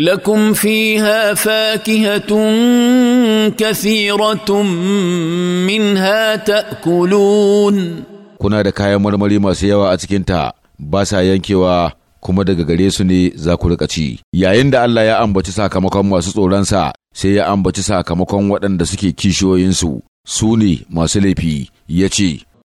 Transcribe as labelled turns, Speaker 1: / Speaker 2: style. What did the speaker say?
Speaker 1: لكم فيها فاكهه كثيره منها تاكلون
Speaker 2: kuna da kayan marmari masu yawa a cikinta ba sa yankewa kuma daga gare su ne za ku riƙa ci yayin da Allah ya ambaci sakamakon masu tsoronsa sai ya ambaci sakamakon waɗanda suke kishiyoyinsu su ne masu laifi ya ce